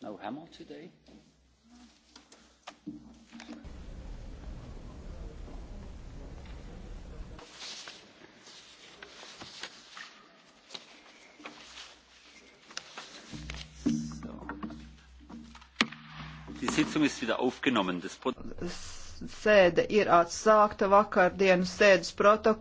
No Hamill today? So. Die Sitzung ist wieder aufgenommen. Das Sēde ir atsākta vakardienas sēdes protokols.